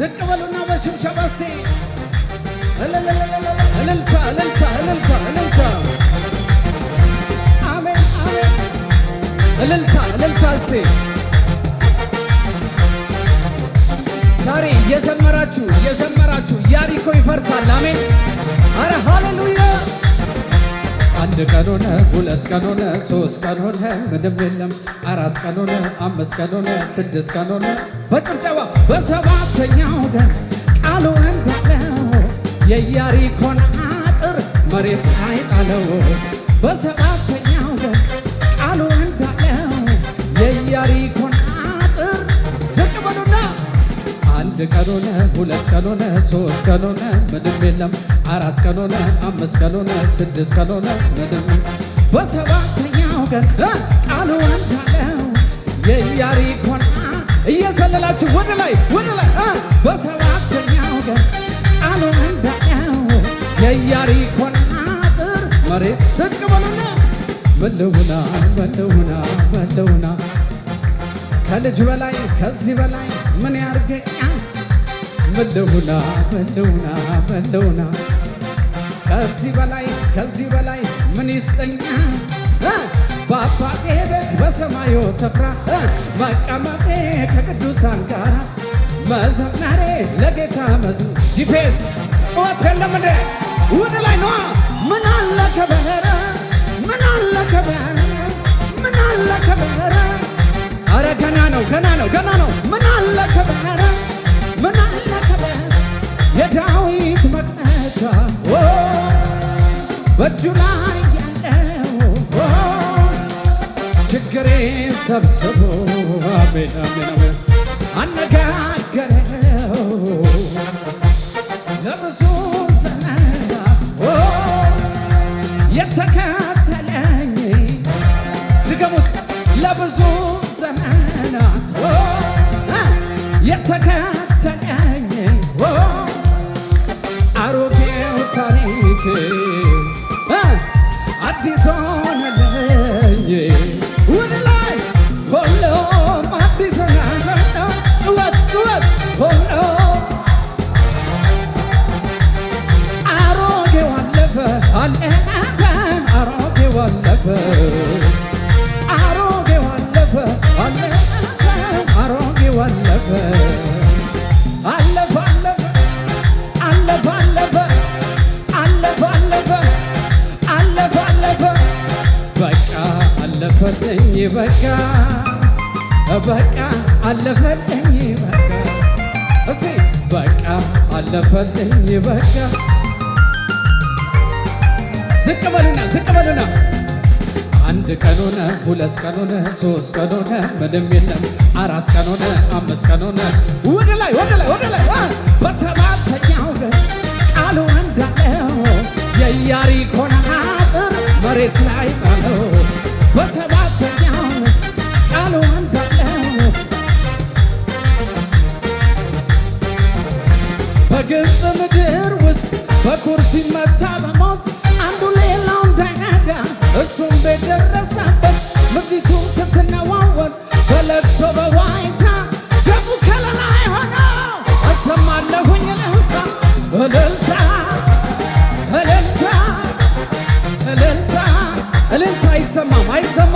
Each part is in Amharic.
ዝቅ በሉና በሽብሸባ እስኪ እልልታ እልልታ እልልታ እልልታ አሜን አሜን እልልታ እልልታ እስኪ ዛሬ እየዘመራችሁ እየዘመራችሁ ያሪኮ ይፈርሳል። አሜን አረ ሃሌሉያ አንድ ቀን ሆነ፣ ሁለት ቀን ሆነ፣ ሶስት ቀን ሆነ፣ ምንም የለም። አራት ቀን ሆነ፣ አምስት ቀን ሆነ፣ ስድስት ቀን ሆነ። በጭብጨባ በሰባተኛው ቀን ቃሉ እንዳለው የኢያሪኮን አጥር መሬት አይጣለው። በሰባተኛው ቀን ቃሉ እንዳለው የኢያሪኮ አንድ ቀን ሆነ፣ ሁለት ቀን ሆነ፣ ሶስት ቀን ሆነ፣ ምንም የለም። አራት ቀን ሆነ፣ አምስት ቀን ሆነ፣ ስድስት ቀን ሆነ፣ ምንም በሰባተኛው ቀን ቃሉ እንዳለው የኢያሪኮን እየዘለላችሁ ወደ ላይ ወደ ላይ በሰባተኛው ቀን ቃሉ እንዳለው የኢያሪኮን አጥር መሬት ዝቅ በሉና በለውና በለውና በለውና ከልጅ በላይ ከዚህ በላይ ምን ያርገኛል? ምልውና ምልውና ምልውና ከዚህ በላይ ከዚህ በላይ ምን ይስጠኛ በአባቴ ቤት በሰማዩ ስፍራ መቀመጤ ከቅዱሳን ጋር መዘመሬ ለጌታ መዝሙ ጂፔስ ጩኸት የለም እንዴ ወደ ላይ ነዋ ምን አለ ከበረ ምን አለ ከበረ ምን አለ ከበረ አረ ገና ነው ገና ነው ገና ነው ምን አለ ከበረ ምን አለከበ የዳዊት መክፈቻ በእጁ ላይ ያለው ችግሬን ሰብስቦ አሜን አሜን አነጋገረው ለብዙ ዘመናት የተከተለኝ ድገሙት ለብዙ ዘመናት የተከ ቤቴ አዲስ ሆነለኝ ወደ ላይ ሁሉም አዲስ ነው። ጩኸት ጩኸት አሮጌው አለፈ አለፈ አሮጌው አለፈ አሮጌው አለፈ አለፈ አሮጌው አለፈ በቃ በቃ አለፈልኝ በቃ እሴ በቃ አለፈልኝ በቃ ዝቅ በሉና ዝቅ በሉና አንድ ቀን ሆነ፣ ሁለት ቀን ሆነ፣ ሶስት ቀን ሆነ፣ ምንም የለም። አራት ቀን ሆነ፣ አምስት ቀን ሆነ፣ ወደ ላይ ወደ ላይ ወደ ላይ በሰባተኛው ቀን ቃሉ እንዳለው የኢያሪኮን አጥር መሬት ላይ ጣለው። ማሰኛው በግብፅ ምድር ውስጥ በኩር ሲመታ በሞት አንዱ ሌላው እንዳይናዳ እሱም ቤት ደረሰበት። ምድሪቱም ስትነዋወል በለቅሶ በዋይታ ደሙ ከለላይ ሆነ አሰማለሁኝ እልልታ እልልታ እልልታ እልልታ እልልታ አይሰማም አይሰማም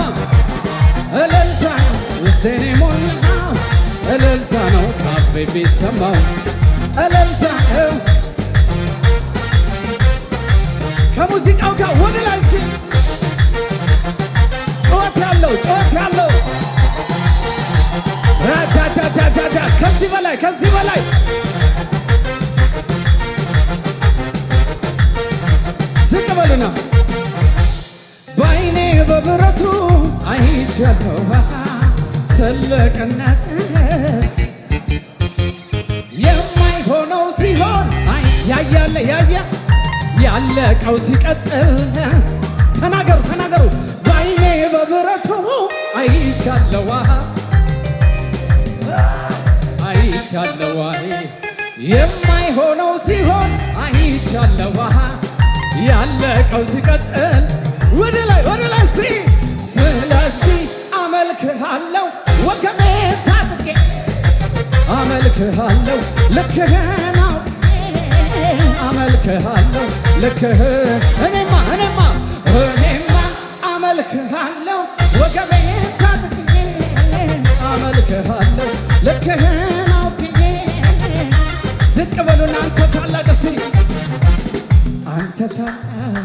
ቢሰማው እለልታው ከሙዚቃው ጋር ወደ ላይ ሲ ጮት ያለው ጮት ያለው ራጃጃጃጃጃ ከዚህ በላይ ከዚህ በላይ ዝቅ በሉና በአይኔ በብረቱ አይቻለሁ ትልቅነት ያያለ ያያ ያለቀው ሲቀጥል ተናገሩ ተናገሩ በብረቱ አይቻለዋ አይቻለዋ የማይሆነው ሲሆን አይቻለዋ ያለቀው ሲቀጥል ወደ ላይ ወደ ላይ ሲ ስለዚህ አመልክሃለሁ ወገቤ ታጥቄ አመልክሃለሁ ልክህን አመልክሃለሁ ልክህ እኔማ እኔማ እኔማ አመልክሃለሁ ወገቤን ታጥቅዬ አመልክሃለሁ ልክህን አውቅዬ ዝቅ በሉና አንተ ታላቅ ሲ አንተ ታላ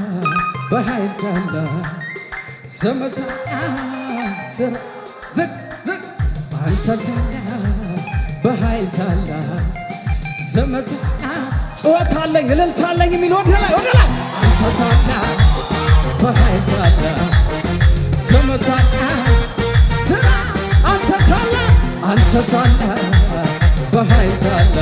በኃይል ታላ ዘመታ ዝቅ ዝቅ አንተ ታላ በኃይል ታላ ዘመት ጩኸት አለኝ እልልታ አለኝ የሚል ወደ ላይ ወደ ላይ አንተታና በሀይታለ ዘመታና ስራ አንተታለ አንተታለ በሀይታለ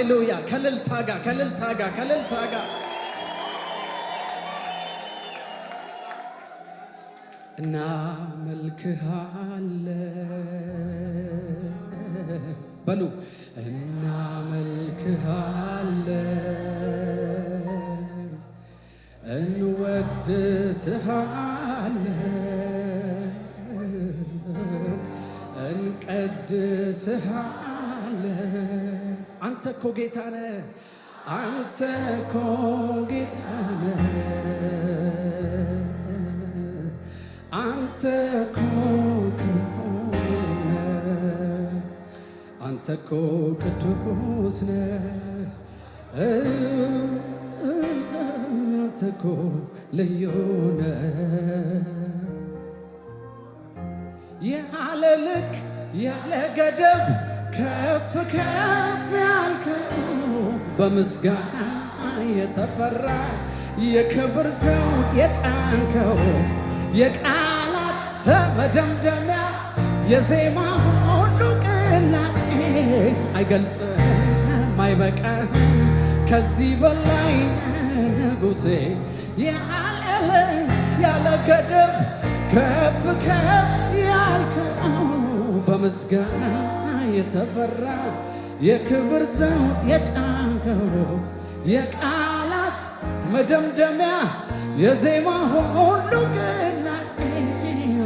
ሃሌሉያ! ከልልታ ጋር ከልልታ ጋር ከልልታ ጋር እና መልክሃለን በሉ እና መልክሃለን እንወድስሃለን እንቀድስሃለን አንተ እኮ ጌታ ነህ፣ አንተ እኮ ጌታ ነህ፣ አንተ እኮ አንተ እኮ ቅዱስ ነህ፣ አንተ እኮ ልዩ ነህ ያለ ልክ ያለ ገደብ ከፍ ከፍ ያልከው በምስጋና የተፈራ የክብር ዘውድ የጫንከው የቃላት መደምደሚያ የዜማ ሁሉ ቅላጤ አይገልጽም አይበቃም ከዚህ በላይ ንጉሴ ያለለ ያለ ገደብ ከፍ ከፍ ያልከው በምስጋና የተፈራ የክብር ዘውድ የጫንከው የቃላት መደምደሚያ የዜማ ሁሉ ግናጽ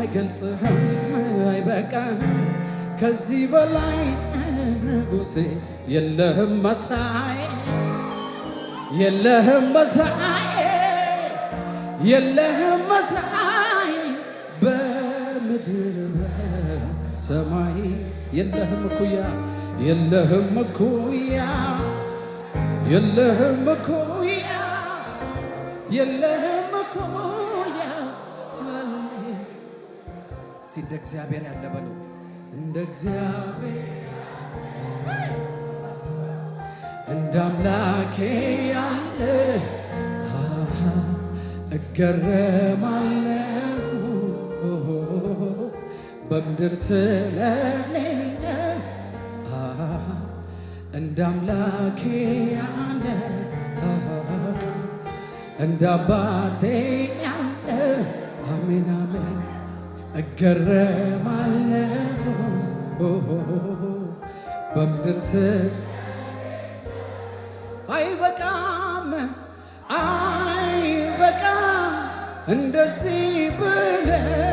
አይገልጽህም አይበቃህም ከዚህ በላይ ንጉሴ የለህም መሳይ የለህም መሳይ የለህም መሳይ በምድር በሰማይ የለህም እኩያ የለህም እኩያ የለህም እኩያ የለህም እኩያ እስቲ እንደ እግዚአብሔር ያለ በሉ እንደ እግዚአብሔር እንደ አምላኬ ያለ እገረማለሁ በምድር ስለኔ እንደ አምላኬ ያለ እንደ አባቴ ያለ አሜን አሜን እገረማለሁ በምድር ስም አይበቃም አይበቃም እንደዚህ ብለህ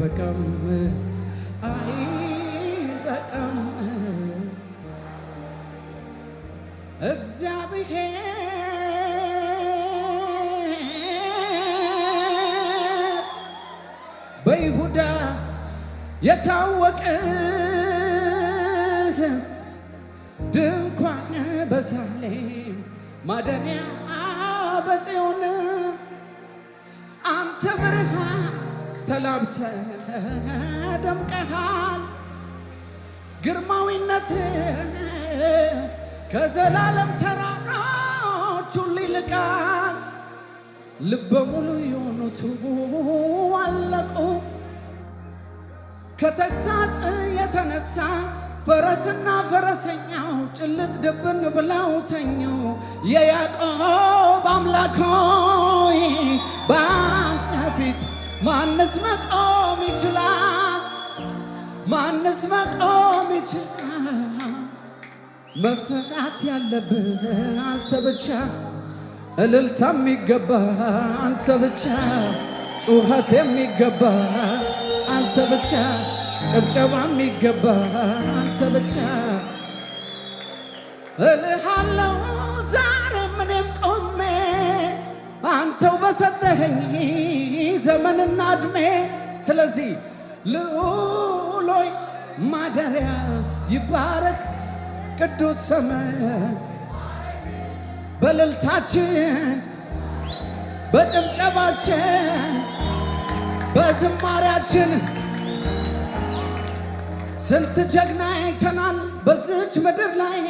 አይበቃም አይበቃም እግዚአብሔር በይሁዳ የታወቀ ድንኳን በሳሌም ማደሪያ ለብሰ ደምቀሃል ግርማዊነት ከዘላለም ተራሮች ሁሉ ይልቃል። ልበ ሙሉ የሆኑት አለቁ ከተግሳጽ የተነሳ ፈረስና ፈረሰኛው ጭልጥ ድብን ብለው ተኙ። የያዕቆብ አምላክ ሆይ በአንተ ፊት ማነስ መቆም ይችላል? ማነስ መቆም ይችላል? መፈራት ያለብህ አንተ ብቻ፣ እልልታ የሚገባ አንተ ብቻ፣ ጩኸት የሚገባ አንተ ብቻ፣ ጭብጨባ የሚገባ አንተ ብቻ እልሃለው ዛሬ ምንም ቆሜ አንተው በሰጠኸኝ ዘመንና እድሜ ስለዚህ ልዑሎይ ማደሪያ ይባረክ ቅዱስ ስም በእልልታችን በጭብጨባችን በዝማሪያችን ስንት ጀግና አይተናል በዝች ምድር ላይ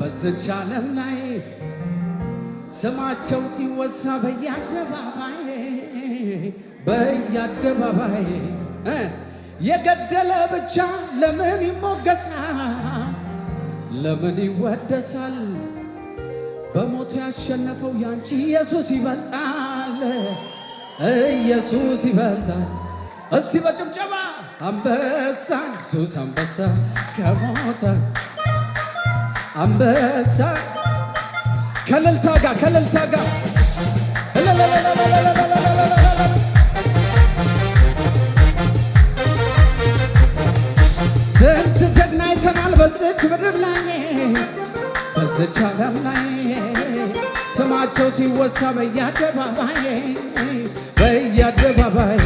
በዝች ዓለም ላይ ስማቸው ሲወሳ በየአደባባይ በየአደባባይ የገደለ ብቻ ለምን ይሞገሳል? ለምን ይወደሳል? በሞቱ ያሸነፈው ያንቺ ኢየሱስ ይበልጣል፣ ኢየሱስ ይበልጣል። እስቲ በጭብጨባ አንበሳ ኢየሱስ አንበሳ ከሞተ አንበሳ ከእልልታ ጋር ከእልልታ ጋር በዝች ምድር ላይ በዝች ዓለም ላይ ስማቸው ሲወሳ በየአደባባይ በየአደባባይ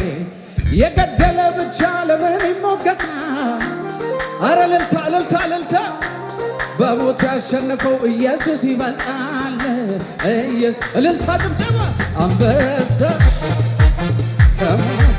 የገደለ ብቻ ለምን ይሞገሳል? አረ እልልታ እልልታ ልልታ በሞት ያሸነፈው ኢየሱስ ይበልጣል። እልልታ ጭብጨባ አንበሳ